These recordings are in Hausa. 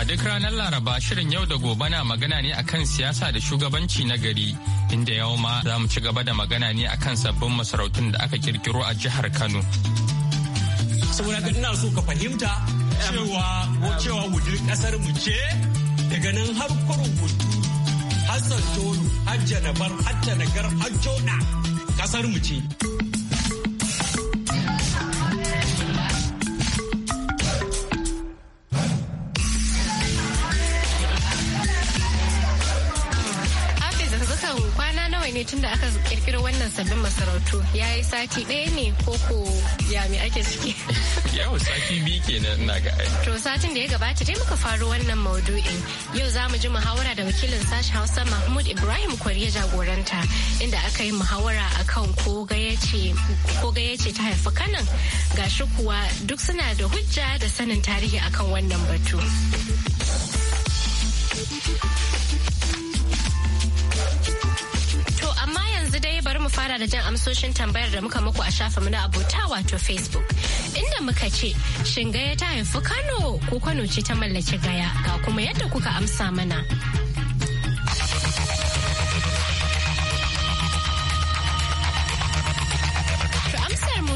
A duk ranar Laraba shirin yau da gobe na magana ne akan siyasa da shugabanci na gari inda yau ma za mu ci gaba da magana ne akan sabbin masarautun da aka kirkiro a jihar Kano. Saboda ina so ka fahimta cewa cewa wujin kasar mu ce daga nan har kurubutu har Tolu, har janabar har tanagar har kasar mu ce. ne tunda aka kirkiro wannan sabbin masarautu ya yi sati ɗaya ne ko ko ya me ake ciki yau sati biyu kenan ina ga to satin da ya gabata dai muka faru wannan maudu'in yau za mu ji muhawara da wakilin sashi hausa mahmud ibrahim kwari ya jagoranta inda aka yi muhawara akan ko gayyace ta haifi kanan gashi kuwa duk suna da hujja da sanin tarihi akan wannan batu. fara da jan amsoshin tambayar da muka muku a shafinmu na abota wato Facebook. Inda muka ce, shin gaya ta haifi Kano ko Kano ce ta mallaki gaya ga kuma yadda kuka amsa mana.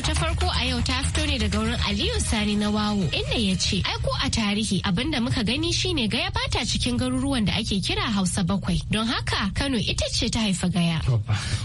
ta farko a yau ta fito ne daga wurin Aliyu Sani na Wawo inda ya ce ko a tarihi abinda muka gani shine gaya bata cikin garuruwan da ake kira Hausa bakwai don haka Kano ita ce ta haifa gaya.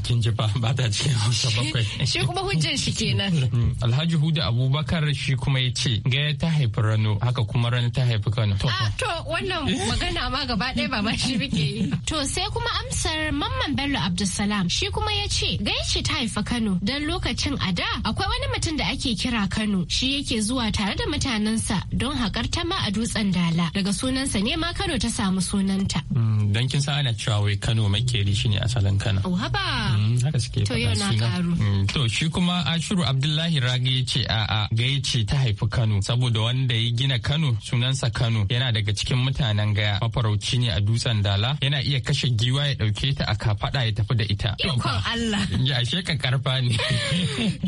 Kin ji ba bata cikin Hausa bakwai. Shi kuma hujjan shi kenan. Mm, Alhaji Huda Abubakar shi kuma ya ce gaya ta haifi Rano haka kuma Rano ta haifi Kano. To wannan magana ma gaba ɗaya ba ma shi muke yi. To sai kuma amsar Mamman Bello Abdulsalam shi kuma ya ce gaya ce ta haifa Kano don lokacin a da akwai wani mutum da ake kira Kano shi yake zuwa tare da mutanensa don haƙar tama a dutsen Dala. Daga sunansa ne ma Kano ta samu sunanta. Mm, don kin san ana cewa wai Kano makeri ne asalin Kano. Oh haba. Mm, haka suke to yau na karu mm, to shi kuma Ashiru Abdullahi Ragi ya ce a'a gaya ce ta haifi Kano saboda wanda ya gina Kano sunansa Kano yana daga cikin mutanen gaya mafarauci ne a dutsen Dala yana iya kashe giwa ya dauke ta a kafada ya tafi da ita ikon Allah ya ashe ka karfa ne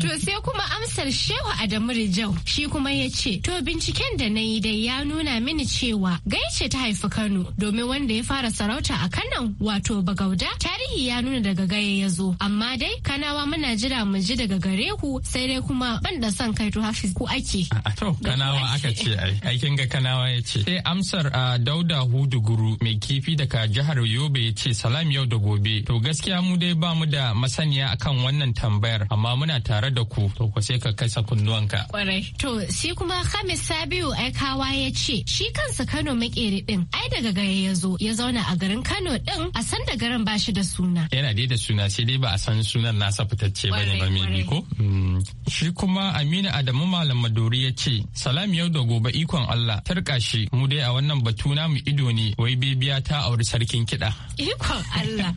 to sai kuma amsar Shehu Adamu Rijau shi kuma ya ce to binciken da na yi dai ya nuna mini cewa gaice ta haifi Kano domin wanda ya fara sarauta a Kano wato Bagauda tarihi ya nuna daga gaya ya zo amma dai kanawa muna jira mu ji daga gare ku sai dai kuma ban da son kai to hafiz ku ake to kanawa aka ce ai aikin ga kanawa ya ce sai amsar a dauda huduguru mai kifi daga jihar yobe ya ce salam yau da gobe to gaskiya mu dai ba mu da masaniya akan wannan tambayar amma muna tare da ku to ku sai ka kasa kunnuwanka kwarai to shi kuma Khamis Sabiu Aikawa ya ce shi kansa Kano makeri din ai daga gare ya zo ya zauna a garin Kano din a san da garin bashi da suna yana dai da suna sai dai ba a san sunan nasa fitacce ba ne ba mai ko. Mm. Shi kuma Aminu Adamu Malam Maduri ya ce, Salam yau da gobe ikon Allah, tarka shi mu dai a wannan batu mu ido ne wai bibiya ta auri sarkin kiɗa. Ikon Allah.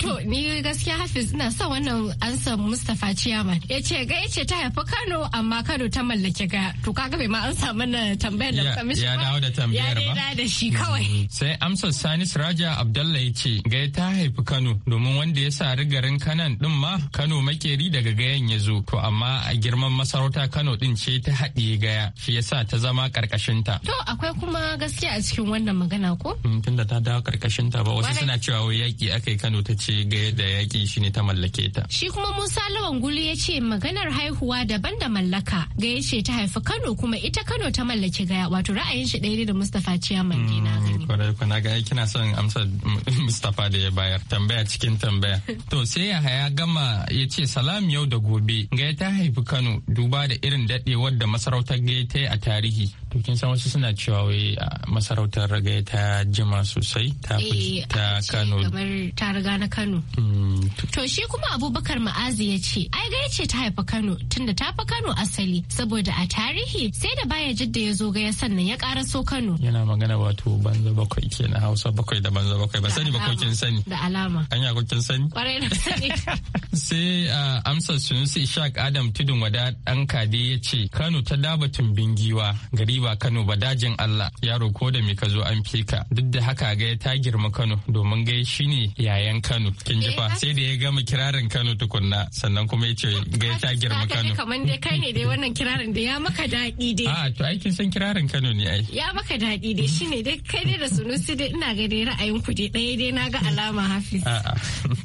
To ni gaskiya Hafiz ina sa wannan ansa Mustapha Chiaman. Ya ce ga ce ta haifi Kano amma Kano ta mallake ga. To kaga bai ma an samu na tambayar da muka mishi ba. Ya dawo da tambayar ba. Ya da shi kawai. Mm. Sai amsar Sanis Raja Abdallah ya ce ga ta haifi Kano domin wanda ya sa garin kanan din ma Kano makeri daga gayan ya zo to amma a girman masarauta Kano din ce ta haɗiye gaya shi yasa ta zama karkashin ta. To akwai kuma gaskiya a cikin wannan magana ko? Mm, Tunda ta dawo karkashin ta ba wasu suna cewa wai yaki akai Kano ta ce gaya da yaki shi ne ta mallake ta. Shi kuma Musa Lawan Guli ya ce maganar haihuwa daban da mallaka gaya ce ta haifi Kano kuma ita Kano ta mallake gaya wato ra'ayin shi ɗaya da Mustapha Ciyaman ne na gani. Kwarai mm, kuna ga kina son amsa Mustapha da ya bayar tambaya cikin tambaya. To sai Yahaya Gama ya ce salam yau da gobe gaya ta haifi Kano duba da irin dadewar da masarautar gaya ta yi a tarihi to kin san wasu suna cewa wai masarautar raga ta jima sosai ta eh, ta Kano kamar ta riga na Kano mm, to shi kuma Abubakar Ma'azi ya ce ai gaya ce ta haifa Kano tunda ta fa Kano asali saboda a tarihi sai da baya jidda ya zo gaya sannan ya karaso Kano yana magana wato banza bakwai kenan Hausa bakwai da banza bakwai ba sani ba ko kin sani da alama an ko kin sani kwarai na sani sai amsar Sunusi Ishaq Adam Tudun Wada dan Kade ya ce Kano ta daba tumbin giwa gari ba Kano ba dajin Allah yaro ko da me ka zo an fi ka duk da haka ga ta girma Kano domin gai shine yayan Kano kin ji fa eh, sai da ya gama kirarin Kano tukunna sannan kuma ya ce gai ta girma Kano kaman dai kai ne dai wannan kirarin da ya maka daɗi dai a ah, to aikin san kirarin Kano ne ai ya maka daɗi dai shine dai kai dai da sunusi dai ina ga dai ra'ayin ku dai dai dai na ga alama Hafiz ah, ah.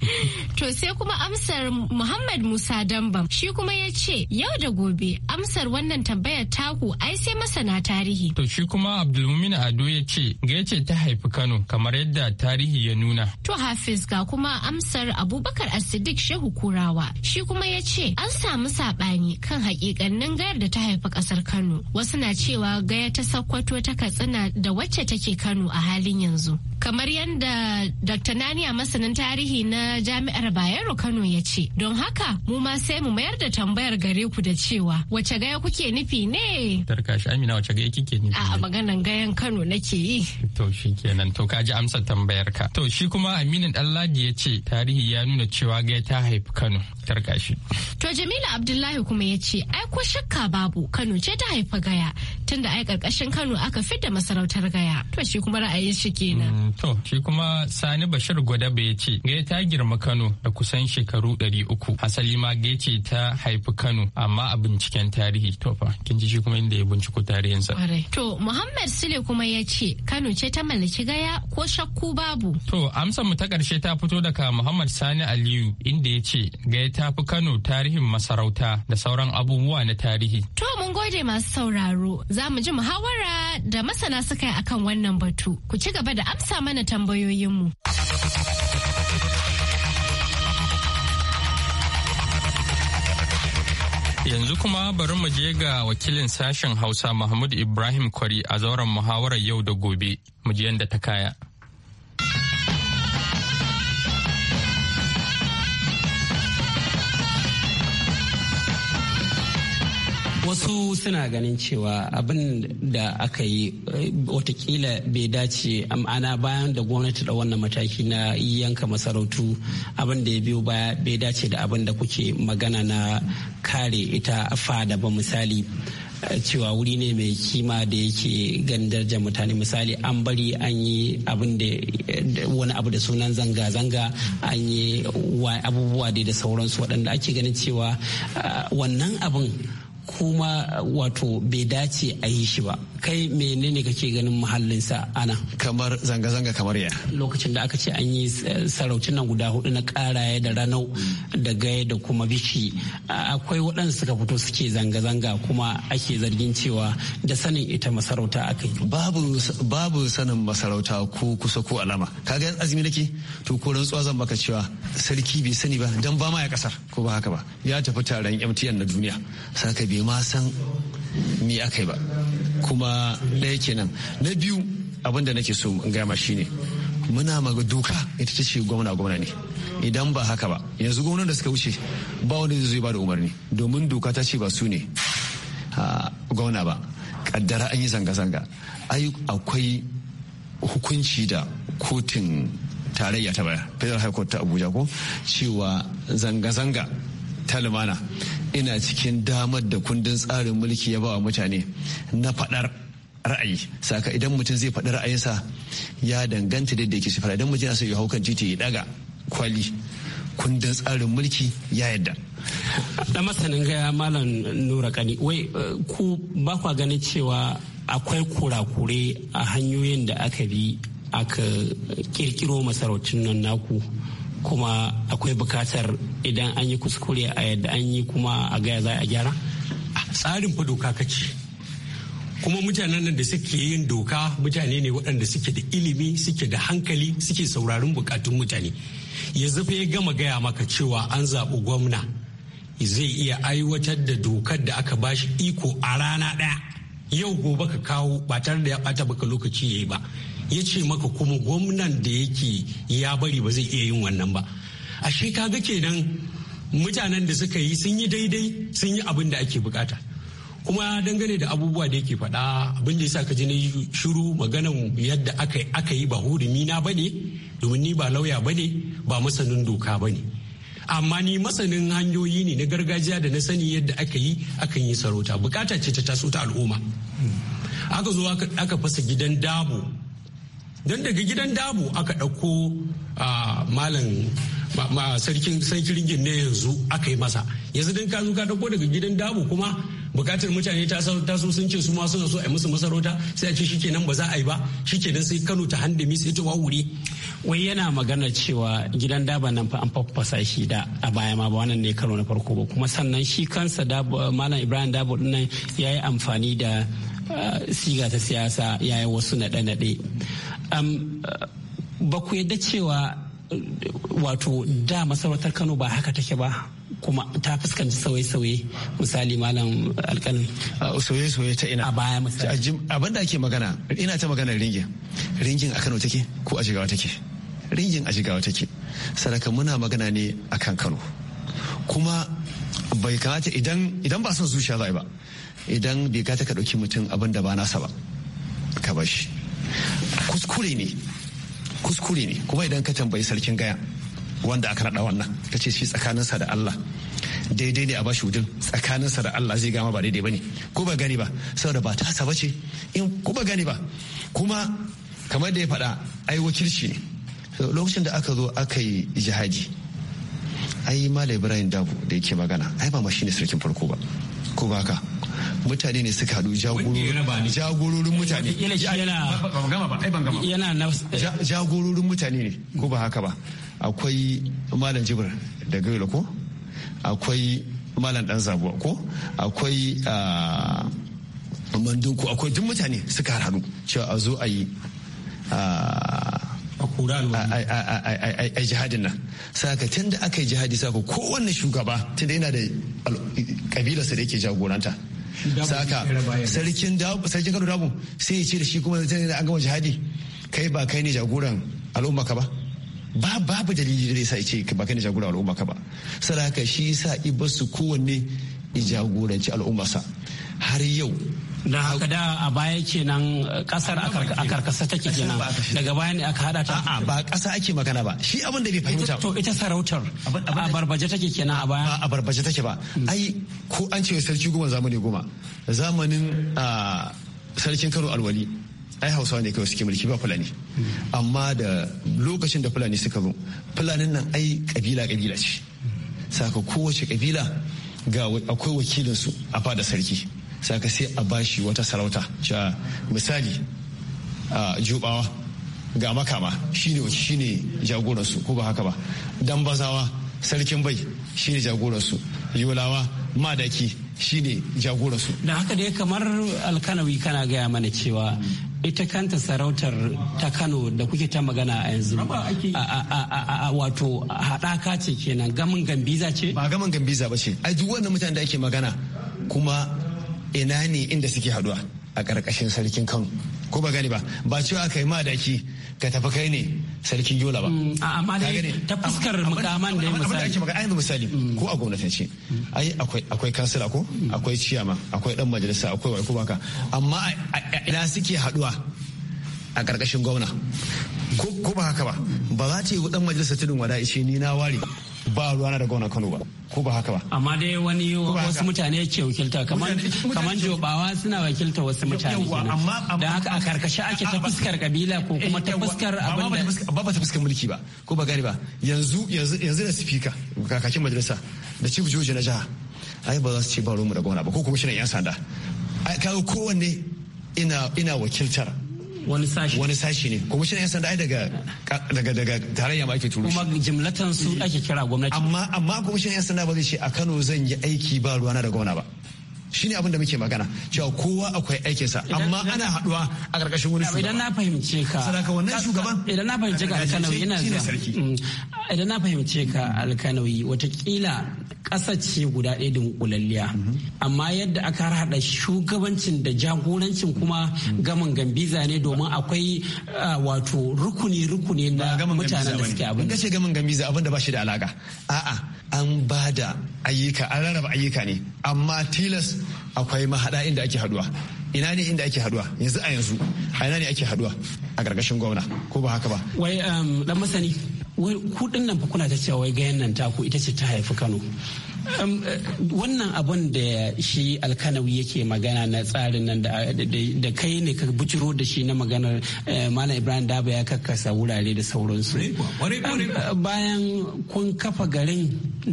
to sai kuma amsar Muhammad Musa Dambam shi kuma ya ce yau da gobe amsar wannan tambayar taku ai sai masana tarihi. To shi kuma Abdulmumin Ado ya ce Gece ta haifi Kano kamar yadda tarihi ya nuna. To Hafiz ga kuma amsar Abubakar Asidik Shehu Kurawa shi kuma ya ce an samu saɓani kan hakikannin gayar da ta haifi ƙasar Kano. Wasu na cewa gaya ta Sokoto ta Katsina da wacce take Kano a halin yanzu. kamar yadda dr naniya masanin tarihi na jami'ar bayero kano ya ce don haka mu ma sai mu mayar da tambayar gare ku da cewa wace gaya kuke nufi ne tarkashi amina wace gaya kike nufi a maganan gayan kano nake yi to shi kenan to ka ji amsa tambayar ka to shi kuma aminu danladi ya ce tarihi ya nuna cewa gaya ta haifi kano tarkashi to jamila abdullahi kuma ya ce ai ko shakka babu kano ce ta haifa gaya tunda ai karkashin kano aka fidda masarautar gaya to shi kuma ra'ayin shi kenan mm, To, shi kuma Sani Bashir gwadaba ya ce, Gai ta girma Kano da kusan shekaru ɗari uku. Asali ma Gai ce ta haifi Kano, amma a binciken tarihi. To fa, kin ji shi kuma inda ya binciko tarihinsa. To, Muhammad Sule kuma ya ce, Kano ce ta mallaki gaya ko shakku babu. To, amsar mu ta ƙarshe ta fito daga Muhammad Sani Aliyu, inda ya ce, Gaya ta fi Kano tarihin masarauta da sauran abubuwa na tarihi. To, mun gode masu sauraro, za mu ji muhawara da masana suka yi akan wannan batu. Ku ci gaba da amsa mana tambayoyinmu. Yanzu kuma bari mu je ga wakilin sashen Hausa Mahmud Ibrahim Kwari a zauren muhawarar yau da gobe, mu je yadda ta kaya. wasu suna ganin cewa abin da aka yi watakila bai dace ma'ana bayan da gwamnati da wannan mataki na yanka masarautu abin da ya biyo baya bai dace da abin da kuke magana na kare ita fada ba misali cewa wuri ne mai kima da yake ganin darajar mutane misali an bari an yi da wani abu da sunan zanga-zanga an yi abubuwa da sauransu waɗanda ake ganin cewa wannan abin kuma wato bai dace a yi shi ba kai menene kake ganin sa ana kamar zanga-zanga kamar ya lokacin da aka ce an yi sarautun nan guda hudu na karaye da ranau da gaye da kuma bishi akwai waɗanda suka fito suke zanga-zanga kuma ake zargin cewa da sanin ita masarauta aka yi babu sanin masarauta ko kusa ko alama kaga yan azumi nake to ko rantsuwa zan baka cewa sarki bai sani ba dan ba ma ya kasar ko ba haka ba ya tafi taron MTN na duniya saka bai ma san me aka yi ba kuma ɗaya kenan na biyu abin da nake so in gama shine muna maga doka ita ta ce gwamna gwamna ne idan ba haka ba yanzu gwamnan da suka wuce ba wani zai ba da umarni domin doka ta ce ba su ne gwamna ba kaddara an yi zanga-zanga Ai akwai hukunci da kotun tarayya ta baya federal high court ta abuja ko cewa zanga-zanga ta lumana ina cikin damar da kundin tsarin mulki ya ba wa mutane na faɗar ra'ayi saka idan mutum zai faɗi ra'ayinsa ya danganta da yake shifara idan mutum yana ya hau kan titi ya daga kwali kundin tsarin mulki ya yadda da masanin gaya malam nura kani wai eh, ku ba kwa ganin cewa akwai kurakure a hanyoyin da aka bi aka eh, kirkiro masarautun nan naku kuma akwai bukatar idan an yi kuskure a yadda an yi kuma a gaya za a gyara? tsarin fa doka kace kuma mutanen da suke yin doka mutane ne waɗanda suke da ilimi suke da hankali suke saurarin bukatun mutane ya zafi ya gama gaya maka cewa an zaɓi gwamna zai iya aiwatar da dokar da aka bashi iko a rana ɗaya yau gobe ka kawo ba tare da ya ɓata baka lokaci ya yi ba ya ce maka kuma gwamnan da yake ya bari ba zai iya yin wannan ba ashe ga kenan mutanen da suka yi sun yi daidai sun yi abin da ake bukata kuma dangane da abubuwa da yake faɗa abin da yasa ka ji na shiru maganan yadda aka yi ba hurumi na ne domin ni ba lauya ba ne ba masanin doka ba ne amma ni masanin hanyoyi ne na gargajiya da na sani yadda aka yi akan yi sarauta bukata ce ta taso ta al'umma aka zo aka fasa gidan dabo don daga gidan dabu aka ɗauko malam sarkin rigin ne yanzu aka yi masa yanzu don ka zo ka ɗauko daga gidan dabu kuma bukatar mutane ta taso sun ce su ma suna so a musu masarauta sai a ce kenan ba za a yi ba shi kenan sai Kano ta handami sai ta wawure wai yana magana cewa gidan daba nan fa an faffasa shi da a baya ma ba wannan ne karo na farko ba kuma sannan shi kansa malam Ibrahim Dabo ya yi amfani da siga ta siyasa ya yi wasu naɗe-naɗe ba ku yadda cewa wato da masarautar kano ba haka take ba kuma ta fuskanci sauye-sauye misali malam alkalin sauye-sauye ta ina a baya misali abin da ake magana ina ta magana ringin ringin a kano take ko a jigawa take ringin a jigawa take sadaka muna magana ne a kan kano kuma bai kamata idan idan ba son zuciya za ba idan bai gata ka ɗauki mutum abin da ba nasa ba ka bashi kuskure ne kuskure ne kuma idan ka tambayi sarkin gaya wanda aka naɗa wannan ka ce shi tsakaninsa da Allah daidai ne a bashi wudin tsakaninsa da Allah zai gama ba daidai ba ne ko ba gani ba saboda ba ta saba ce in ko ba gani ba kuma kamar da ya faɗa ai wakilci ne lokacin da aka zo aka yi jihadi ai malai ibrahim dabu da yake magana ai ba ma shine sarkin farko ba ko ba ka mutane ne suka haɗu jagororin eh, mutane jagororin mutane ne ko ba haka ba akwai malam jibir da gaila ko akwai malam dan zabuwa ko akwai ah, mandunku akwai duk mutane suka haɗu cewa a zo a yi ah, a jihadin nan saka tun da aka yi jihadi saka kowanne shugaba tun da yana da kabilarsa da yake jagoranta saka sarkin kano dabu sai ya ce da shi kuma zai an gama jihadi kai ba kai ne jagoran al'umma ka ba ba babu dalili da yasa ce ba kai ne jagoran al'umma ka ba saraka shi yasa ibasu su kowanne i jagoranci al'umma har yau da haka da a baya kenan eh, kasar a karkasa take kenan daga baya ne aka hada ta a'a ba kasa ake magana ba shi abin da bai fahimta to ita sarautar a barbaje take kenan a baya a barbaje take ba hmm. ai ko an ce sarki goma zamani goma zamanin sarkin Kano alwali ai hausawa ne kawai suke mulki ba fulani hmm. amma da lokacin da fulani suka zo fulanin nan ai kabila kabila ce hmm. saka kowace kabila ga akwai wakilinsu a fada sarki ka sai a bashi wata sarauta cewa misali a jubawa ga makama shine shine jagoransu ko ba haka ba dan bazawa sarkin bai shine jagoransu yulawa madaki shine jagoransu da haka dai kamar alkanawi kana gaya mana cewa ita kanta sarautar ta kano da kuke ta magana a yanzu wato haɗaka ce kenan gamin gambiza ce ba gamin gambiza ba ce ai duk wannan mutane da ake magana kuma ina ne inda suke haduwa a ƙarƙashin sarkin kano ko ba gani ba ba cewa aka yi madaki ka tafi kai ne sarkin yola ba mm, amma dai ta fuskar mukaman da misali amma da ake misali mm. ko a gwamnatance mm. ai akwai akwai kansila ko akwai ciyama akwai dan majalisa akwai wai ko ka amma ina suke haduwa a ƙarƙashin gwamna ko ba haka ba ba za ta yi dan majalisa tudun wada ishe ni na ware ba na da wani Kano ba ko ba haka ba amma dai wani wasu mutane ke wakilta kamar jobawa suna wakilta wasu mutane da haka a karkashi ake ta fuskar kabila ko kuma ta eh, fuskar abinda ba ba ta fuskar mulki ba ko ba gari ba yanzu yanzu yanzu da sifika kakakin majalisa da chief joji na jiha ai ba za su ce ba ruwanmu da wani ba ko kuma shi yan sanda kawo kowanne ina ina wakiltar wani sashi wani sashi ne shi ne sanda ai daga daga daga tarayya ma ake turo kuma jimlatan su ake kira gwamnati amma amma shi ne sanda ba zai ce a Kano zan yi aiki ba ruwana da gwamna ba shine abin da muke magana cewa kowa akwai aikinsa amma ana haduwa a karkashin wani shugaba idan na fahimce ka sadaka wannan shugaban idan na fahimce ka alkanawi yana mm. idan na fahimce ka alkanawi watakila ƙasa ce guda ɗaya da dunkulalliya mm-hmm. amma yadda aka haɗa shugabancin da jagorancin kuma mm-hmm. gaman gambiza ne domin akwai wato rukuni rukuni na mutanen da suke abin da ce gaman gambiza abin da ba shi da alaka a'a an ba da ayyuka an rarraba ayyuka ne amma tilas akwai mahada inda ake haduwa ina ne inda ake haduwa yanzu a yanzu a ina ne ake haduwa a gargashin gwamna ko ba haka ba wai dan um, masani wai kudin nan fa kuna ta cewa wai gayan nan taku ita ce ta haifi Kano Um, wannan abun da shi alkanawi yake magana na tsarin nan da kai ne ka bujiro da shi na maganar eh, malam ibrahim daba ya kakkasa wurare da sauransu um, bayan kun kafa garin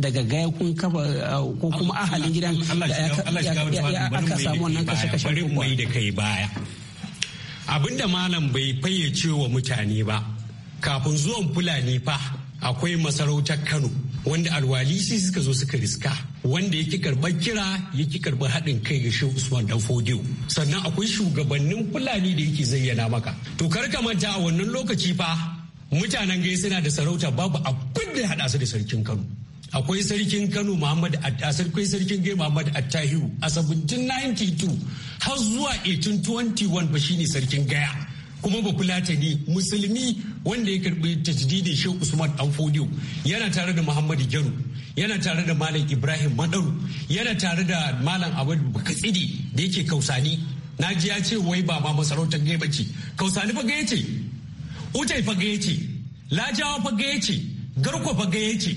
daga gaya kun kafa uh, ko kuma ahalin gidan ya aka samu wannan kashe-kashe kuma da malam bai fayyace wa mutane ba kafin zuwan fulani fa akwai masarautar kano wanda alwalisi suka zo suka riska wanda yake karɓar kira yake karɓar haɗin kai ga shehu usman dan fodiyo sannan akwai shugabannin fulani da yake zayyana maka to kar ka manta a wannan lokaci fa mutanen gai suna da sarauta babu abin da ya haɗa su da sarkin kano akwai sarkin kano muhammad akwai sarkin gai muhammad attahiru a 1792 har zuwa 1821 ba shine sarkin gaya kuma ba musulmi wanda ya karbi tajdidin shehu usman dan yana tare da muhammadu jaru yana tare da malam ibrahim madaru yana tare da malam abud katsidi da yake kausani na ji ya ce wai ba ma masarautar gaiba ce kausani faga ya ce utai faga ya ce lajawa faga ya ce garko faga ya ce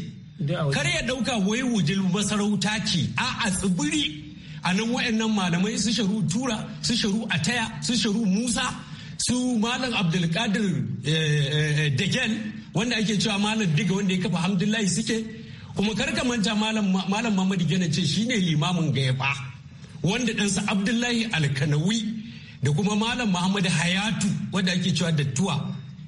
kar ya dauka wai wujil masarauta ce a a tsibiri a nan nan malamai su sharu tura su sharu ataya su sharu musa su malam abdulkadir eh, eh, eh, degen wanda ake cewa malam diga wanda ya kafa hamdullahi suke kuma karka manta malam mamadu gana ce shine limamin gayaba wanda ɗansa abdullahi alkanawi da kuma malam muhammadu hayatu wanda ake cewa dattuwa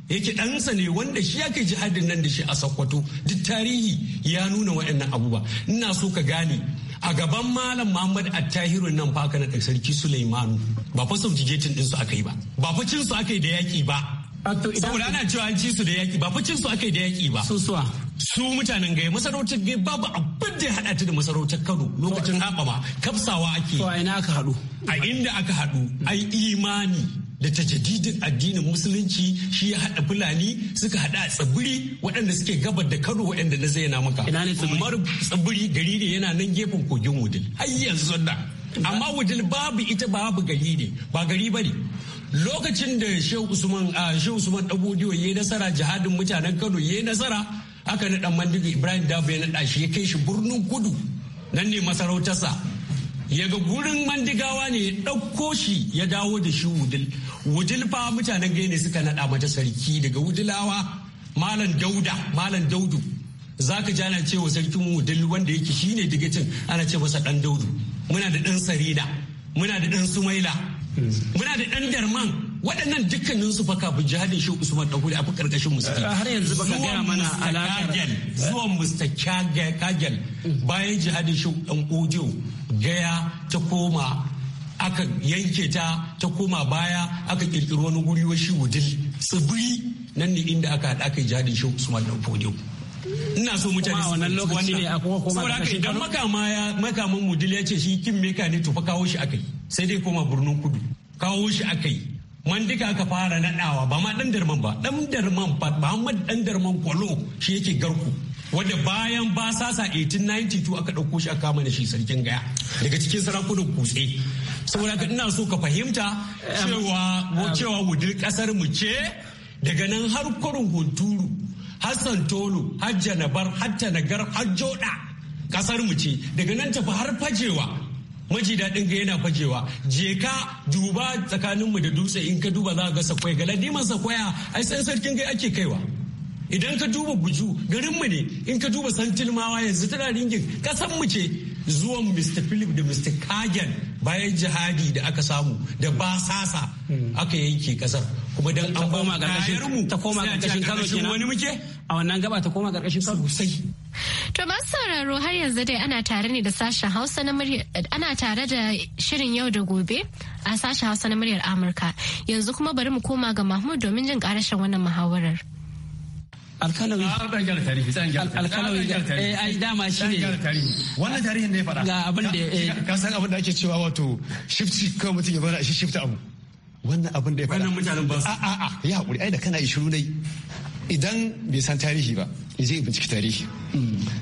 yake ɗansa ne wanda shi ya kai jihadin nan da shi a sakkwato duk tarihi ya nuna waɗannan abubuwa ina so ka gane a gaban malam muhammad attahiru nan fa aka sarki suleimanu ba fa subjugating din su aka yi ba ba fa cin su aka yi da yaki ba saboda ana cewa an ci su da yaki ba fa cin su aka yi da yaki ba susuwa su mutanen gaya masarautar gaya babu abin da ya haɗa ta da masarautar kano lokacin haɓama kafsawa ake to ina aka haɗu a inda aka haɗu ai imani da ta tajadidin addinin musulunci shi ya haɗa fulani suka haɗa a tsibiri waɗanda suke gabar da Kano waɗanda na zayyana maka umar tsibiri gari ne yana nan gefen kogin wudil har yanzu amma wudil babu ita babu gari ne ba gari ba ne lokacin da shehu usman ah, shehu usman dabodiyo ya nasara jihadin mutanen kano ya nasara aka naɗa mandigo ibrahim dabo ya naɗa shi ya kai shi birnin kudu nan ne masarautarsa ya ga gurin mandigawa ne ya ɗauko shi ya dawo da shi wudil wudil fa mutanen gane suka naɗa mata sarki daga wudilawa malam dauda malam daudu za ka jana wa sarkin wudil wanda yake shi ne digicin ana ce masa ɗan daudu muna da ɗan sarida muna da ɗan sumaila muna da ɗan darman waɗannan dukkanin su baka bu jihadin shi Usman Dahuri a fi karkashin mu suke eh, har yanzu baka gaya mana alakar zuwan Mr. Kagel bayan jihadin shi dan Ojo gaya ta koma aka yanke ta ta koma baya aka kirkiri wani guri wa shi wudil tsibiri nan ne inda aka haɗa kai jihadin shi Usman Dahuri ina so mutane su wannan lokaci ne a kuma kuma saboda idan makama ya makaman wudil ya ce shi kin meka ne to fa kawo shi akai sai dai koma birnin kudu kawo shi akai mandika aka fara naɗawa ba ma ɗan darman ba ɗan darman ba Muhammad ɗan darman kwalo shi yake garku wanda bayan ba sasa 1892 aka ɗauko shi a kama da shi sarkin gaya daga cikin sarakunan kutse saboda ka ina so ka fahimta cewa cewa wudil kasar mu ce daga nan har kurun hunturu Hassan Tolu har janabar har tanagar har kasar mu ce daga nan tafi har fajewa maji daɗin ga yana fajewa je ka duba tsakaninmu da dutse in ka duba za ka ga sakwai ga ladiman sakwaya ai san sarkin gai ake kaiwa idan ka duba buju garinmu ne in ka duba santilmawa yanzu tana ringin mu ce zuwan mr philip da mr kagen bayan jihadi da aka samu da basasa aka yanke kasar kuma dan an ba mu ta koma ƙarƙashin kano kenan wani muke a wannan gaba ta koma ƙarƙashin kano sosai To masu sauraro har yanzu dai ana tare ne da sashen Hausa na muryar ana tare da shirin yau da gobe a sashen Hausa na muryar Amurka. Yanzu kuma bari mu koma ga Mahmud domin jin karashen wannan muhawarar. alkalawi alkalawi eh ai dama shi ne wannan tarihin ne fara ga abin da eh. ka san abin da ake cewa wato shifti kawai mutum ya bar shi shifta abu wannan abin da ya fara wannan mutanen ba su a a ya hakuri ai da kana yi shiru dai. idan bai san tarihi ba ya je binciki tarihi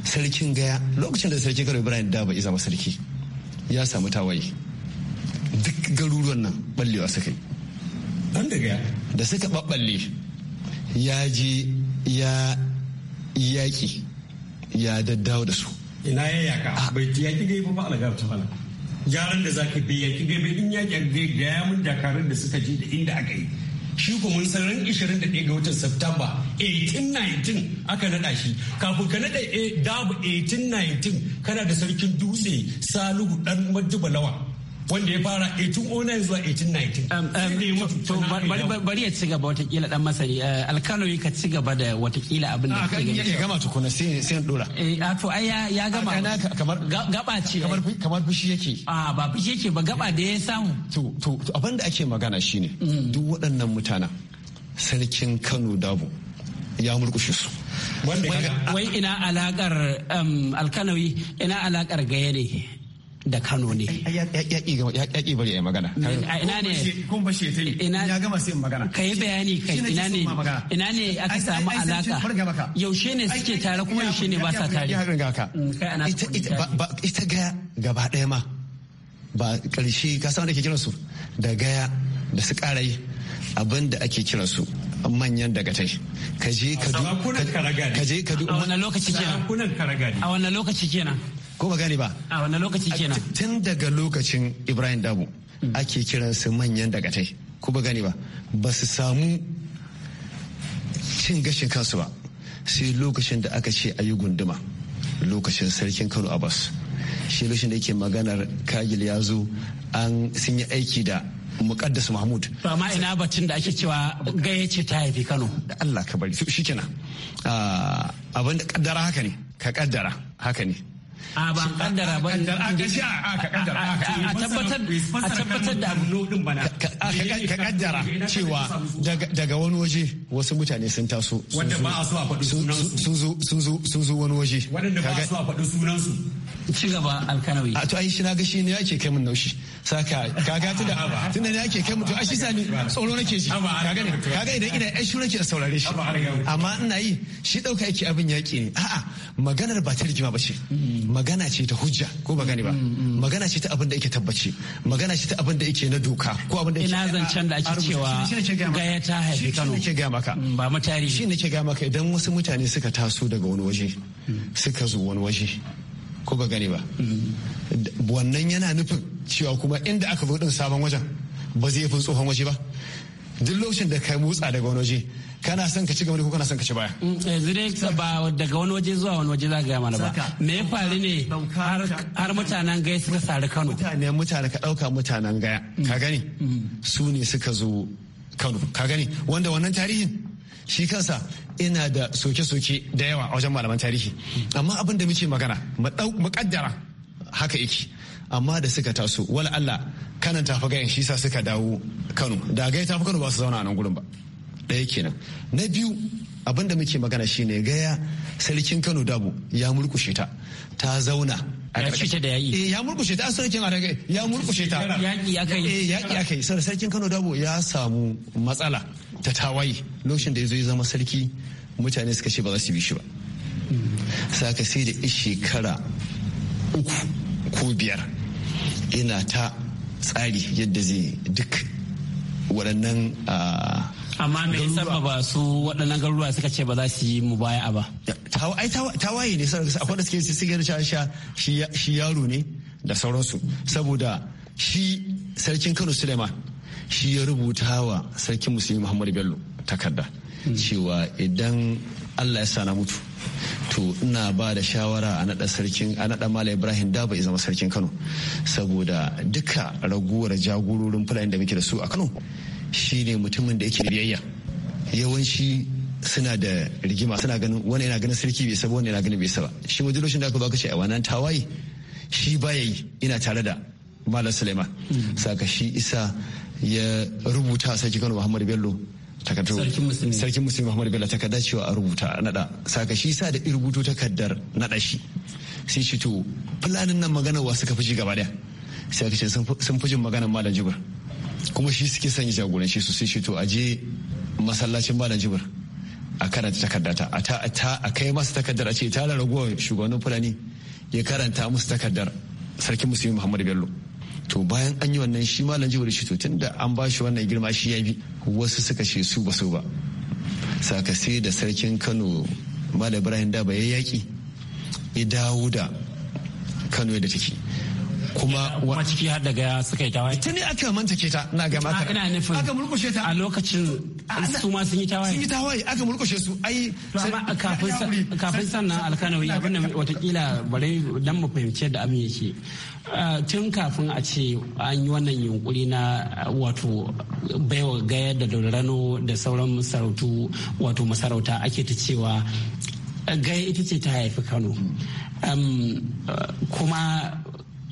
sarkin gaya lokacin da sarki kano ibrahim da bai zama sarki ya samu tawaye duk garuruwan nan ballewa suka yi da gaya da suka ɓaɓɓalle ya je ya yaƙi ya daddawa da su ina ya yaƙa ah. bai yaƙi gai ba ala ta fala jaran da zaka bi yaƙi gai in yaƙi gai gaya ya mun dakarun da suka je da inda aka yi shi kuma mun san ran 21 ga watan september. 1819 aka nada shi kafin ka naɗa dabu 1819 kana da sarkin dutse salihu dan majibalawa wanda ya fara 1809 zuwa 1819. Um, um, bari ya ci gaba watakila dan masari uh, alkanoyi ka ci gaba da watakila abin da ah, kake gani. Ya gama tukuna sai sai dora. Eh a ah, to ai ya gama. Ah, kamar gaba ce. Kamar kamar fushi yake. A ba fushi yake ba gaba da ya samu. To to abin da ake magana shine mm. duk waɗannan mutanen sarkin Kano Dabo ya mulkushe su wai ina alakar um, alkanawi ina alakar gaya ne da Kano ne. Yaƙi bari a yi magana. Ina ne? Kun bashe Ya gama sai magana. Ka yi bayani kai ina ne? Ina ne aka samu alaka? Yaushe ne suke tare kuma yaushe ne ba sa tare? Mm, ita gaya gaba ɗaya ma. Ba ƙarshe ka san da ke kiransu da gaya da su ƙarai abin da ake kiransu. manyan dagatai ka je ka ka je ka a wannan lokaci kenan a wannan lokaci kenan ko ba gane ba a wannan lokaci kenan tun daga lokacin Ibrahim Dabo ake kiran su manyan dagatai ko ba gane ba ba su samu cin gashin kansu ba sai lokacin da aka ce a yi gunduma lokacin sarkin kano abbas shi lokacin da yake maganar kagil ya zo an sun yi aiki da muqaddas mahmud to amma ina batun da ake cewa gaya ce ta haifi kano da Allah ka bari kina ah, abin da kaddara haka ne ka kaddara haka ne a ban kaddara ba a a ka kaddara a tabbatar da abu bana ka kaddara cewa daga wani waje wasu mutane sun taso wanda ba a so a faɗi sunansu. sun zo wani waje wanda ba a so a faɗi sunansu. ci gaba alkanawi a to ai shi na ga shi ne ce kai mun naushi saka kaga tun da Tunda ne yake kai mun to ai shi sani tsoro nake shi kaga ne kaga idan ina ai shura ke saurare shi amma ina yi shi dauka yake abin yaki ne a'a maganar ba ta rigima ba ce magana ce ta hujja ko ba gani ba mm, mm, mm. magana ce ta abin da yake tabbaci magana ce ta abin da yake na doka ko abin da yake ina zancen da ake cewa gaya ta haifi Kano shi ga maka ba mutari shi ne ke ga maka idan wasu mutane suka taso daga wani waje suka zo wani waje ko ba gani ba wannan yana nufin cewa kuma inda aka zo din sabon wajen ba zai fi tsohon waje ba duk lokacin da ka motsa daga wani waje kana son ka ci gaba ko kana son ka ci baya. yanzu dai ba daga wani waje zuwa wani waje za ga mana ba me ya faru ne har mutanen gaya suka sari kano. mutane mutane ka ɗauka mutanen gaya mm. ka gani mm. su ne suka zo kano ka gani wanda wannan tarihin shi kansa ina da soke-soke da yawa a wajen malaman tarihi amma abin da muke magana makaddara haka yake amma da suka taso wala Allah kanan tafi gayan shi sa suka dawo Kano da gaya tafi Kano ba su zauna a nan gurin ba ɗaya kenan na biyu abin da muke magana shine gaya sarkin Kano dabo ya murkushe ta ta zauna a cuta da yayi eh, ya murkushe ta sarkin ya murkushe ta yaki akai eh, yaki akai sarkin Kano dabo ya samu matsala ta tawaye lokacin da ya zo ya zama sarki mutane suka ce ba za su bi shi ba saka sai da shekara uku ko biyar ina ta tsari yadda zai duk waɗannan amma me yasa ba su waɗannan garuruwa suka ce ba za su yi mu baya ba ai tawaye ne saboda akwai da suke sigar sha shi yaro ne da sauransu saboda shi sarkin Kano Suleiman shi ya rubuta wa sarki musulmi muhammad bello takarda cewa idan allah ya sa na mutu to ina ba da shawara a naɗa sarkin a naɗa mala ibrahim da bai zama sarkin kano saboda duka raguwar jagororin fulani da muke da su a kano shine mutumin da yake biyayya yawanci suna da rigima suna ganin wani yana ganin sarki bai saba wani yana ganin bai saba shi majalishin da aka baka ce a wannan tawaye shi baya yi ina tare da malam suleiman mm. saka shi isa ya rubuta a sarki kano muhammadu bello takardar sarkin musulmi muhammadu bello takardar cewa a rubuta nada saka shi sa da rubuto takardar nada shi sai shi to fulanin nan magana wa suka fi gaba daya sai aka ce sun fi jin maganar malam jibir kuma shi suke son yi jagoranci su sai shi to aje masallacin malam jibir a karanta takardata a ta a kai masa takardar a ce ta ragowar shugabannin fulani ya karanta musu takardar sarkin musulmi muhammadu bello to bayan an yi wannan shi malam jibril shi to tunda an ba shi wannan girma shi ya bi wasu suka ce su ba su ba saka sai da sarkin kano malam ibrahim da ba ya yaki ya dawo da kano da take kuma kuma ciki har daga ya suka yi tawaye ita ne aka mantake ta na ga maka ina nufin aka mulkushe ta a lokacin su ma sun yi tawaye sun yi tawaye aka mulkushe su ai kafin kafin sannan alkanawi abin nan watakila bare dan mu fahimci da amin yake tun kafin a ce an yi wannan yunkuri na wato baiwa gaya da rano da sauran masarautu wato masarauta ake ta cewa gaya ita ce ta haifi kano kuma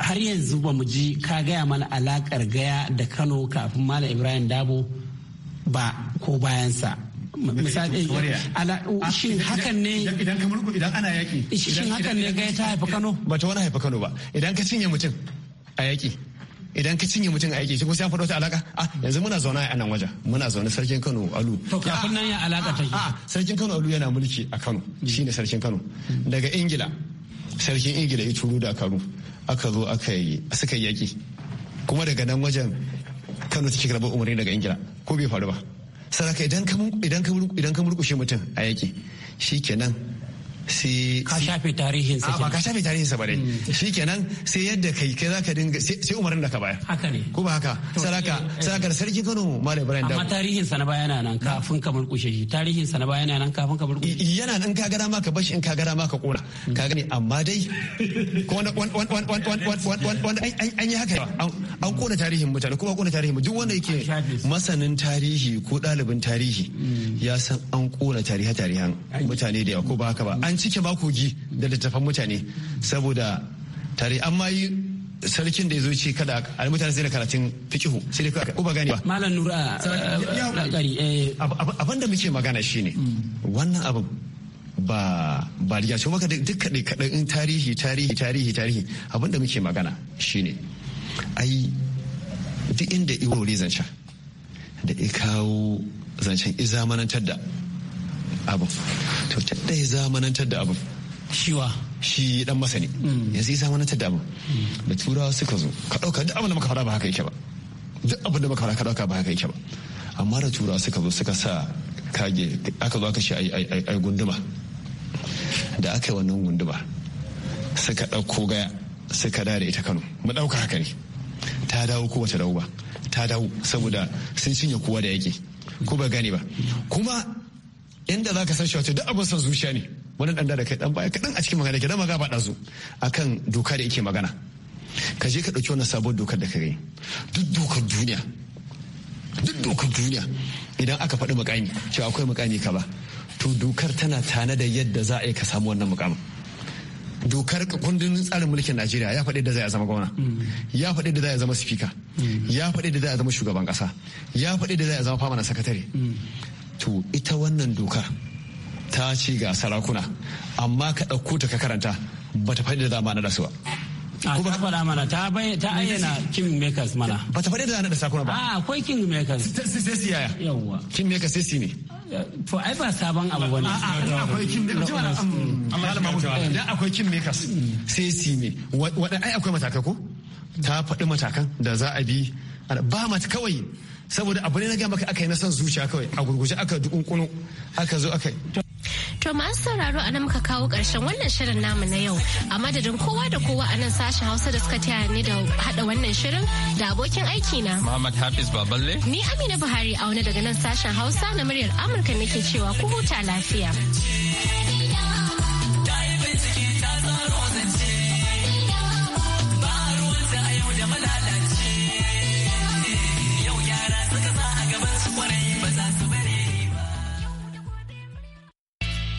har yanzu ba mu ji ka gaya mana alakar gaya da kano kafin malam ibrahim dabo ba ko bayansa misali ah, shin hakan ne idan kamar idan ana yaki shin hakan ne gaya ta haifa kano ba ta wani haifa kano ba idan ka cinye mutum a yaki idan ka cinye mutum aiki shi ko sai an faɗo ta alaka a ah, yanzu muna zaune a nan waje muna zaune sarkin Kano Alu to kafin nan ya alaka take ah, sarkin Kano Alu yana mulki a Kano shine sarkin Kano daga Ingila sarkin Ingila ya turu da Kano aka zo aka yi suka yi yaƙi kuma daga nan wajen kano take karɓar umarni daga ingila ko bai faru ba saraka idan ka murkushe mutum a shi kenan. si ka shafe tarihin sa ba ka shafe tarihin sa bane shikenan sai yadda kai kai zaka dinga sai umarin da ka baya haka ne ko ba haka saraka saraka sarki Kano Malam Ibrahim Dawo amma tarihin sa na baya yana nan kafin ka mulkushe. shi tarihin sa na baya yana nan kafin ka mulkushe yana nan ka gara ma ka bashi in ka gara ma ka kona ka gane amma dai ko wanda wanda an yi haka an kona tarihin mutane kuma kona tarihin duk wanda yake masanin tarihi ko dalibin tarihi ya san an kona tarihi tarihan mutane da yawa ko ba haka ba an cike makogi da littafan mutane saboda tare ma yi sarkin da ya zo ce kada a mutane sai da karatun fikihu sai da ko ba gane ba malam nura kari eh. abin da muke magana shine wannan abin ba ba riga ce maka duk kaɗai kaɗai in tarihi tarihi tarihi tarihi abin da muke magana shine ai duk inda iwo zancen da ya kawo zancen izamanantar da abin to ta da ya zamanantar da abin shiwa shi dan masani mm. yanzu ya zamanantar da abin mm. da turawa suka zo ka dauka duk abin da muka fara ba haka yake ba duk abin da muka fara ka dauka ba haka yake ba amma da turawa suka zo suka sa kage aka zo aka shi ai gunduma da aka yi wannan gunduma suka dauko gaya suka da ita Kano mu dauka haka ne ta dawo ko wata dawo ba ta dawo saboda sun cinye kowa da yake ko ba gane ba kuma inda za ka san shawarar duk abin son zuciya ne wani ɗan da kai ɗan baya kaɗan a cikin magana ke dama ɗazu a kan doka da yake magana ka je ka ɗauki wannan sabon dokar da ka gai duk dokar duniya duk dokar duniya idan aka faɗi mukami cewa akwai mukami ka ba to dokar tana tana da yadda za a yi ka samu wannan mukamin dokar kundin tsarin mulkin najeriya ya faɗi da zai zama gwamna ya faɗi da zai zama sifika ya faɗi da zai zama shugaban ƙasa ya faɗi da zai zama famanan sakatare to ita wannan dokar ta ci ga sarakuna amma ka ɗauko ta ka karanta ba ta faɗi da dama na rasu A ta faɗa mana ta ayyana king makers mana. Ba ta faɗi da dama da sarakuna ba. A akwai king makers. Sai si yaya. Yawwa. King makers sai si ne. To ai ba sabon abu bane. A'a akwai king makers. Um, idan akwai king makers sai si ne. Waɗanda ai akwai matakai ko? Ta faɗi matakan da za a bi. Ba mata kawai saboda abu ne na gama aka yi na son zuciya kawai a gurguje aka dukunkunu aka zo aka yi To masu sauraro a nan muka kawo karshen wannan shirin namu na yau a madadin kowa da kowa a nan sashen Hausa da suka taya ni da haɗa wannan shirin da abokin aiki na. Muhammad Hafiz Baballe. Ni Amina Buhari a wani daga nan sashen Hausa na muryar Amurka nake cewa ku huta lafiya.